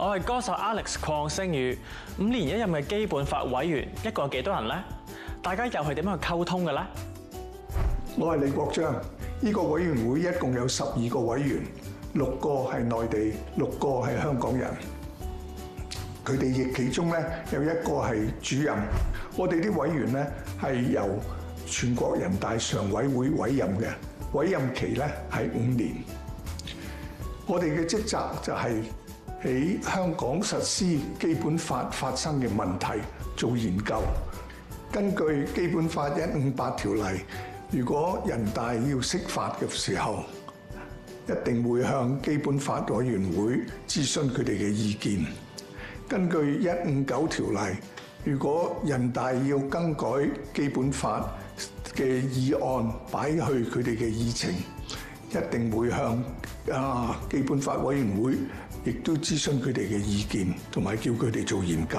我係歌手 Alex 鄺星宇。五年一任嘅基本法委員，一共幾多人呢？大家又係點樣去溝通嘅呢？我係李國章。呢個委員會一共有十二個委員，六個係內地，六個係香港人。佢哋亦其中咧有一個係主任。我哋啲委員咧係由全國人大常委會委任嘅，委任期咧係五年。我哋嘅職責就係，喺香港實施基本法發生嘅問題做研究。根據基本法一五八條例，如果人大要釋法嘅時候，一定會向基本法委員會諮詢佢哋嘅意見。根據一五九條例，如果人大要更改基本法嘅議案擺去佢哋嘅議程，一定會向啊基本法委員會。亦都諮詢佢哋嘅意見，同埋叫佢哋做研究。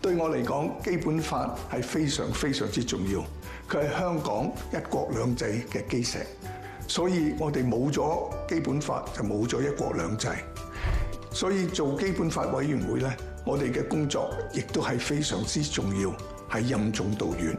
對我嚟講，基本法係非常非常之重要，佢係香港一國兩制嘅基石，所以我哋冇咗基本法就冇咗一國兩制，所以做基本法委員會呢，我哋嘅工作亦都係非常之重要，係任重道遠。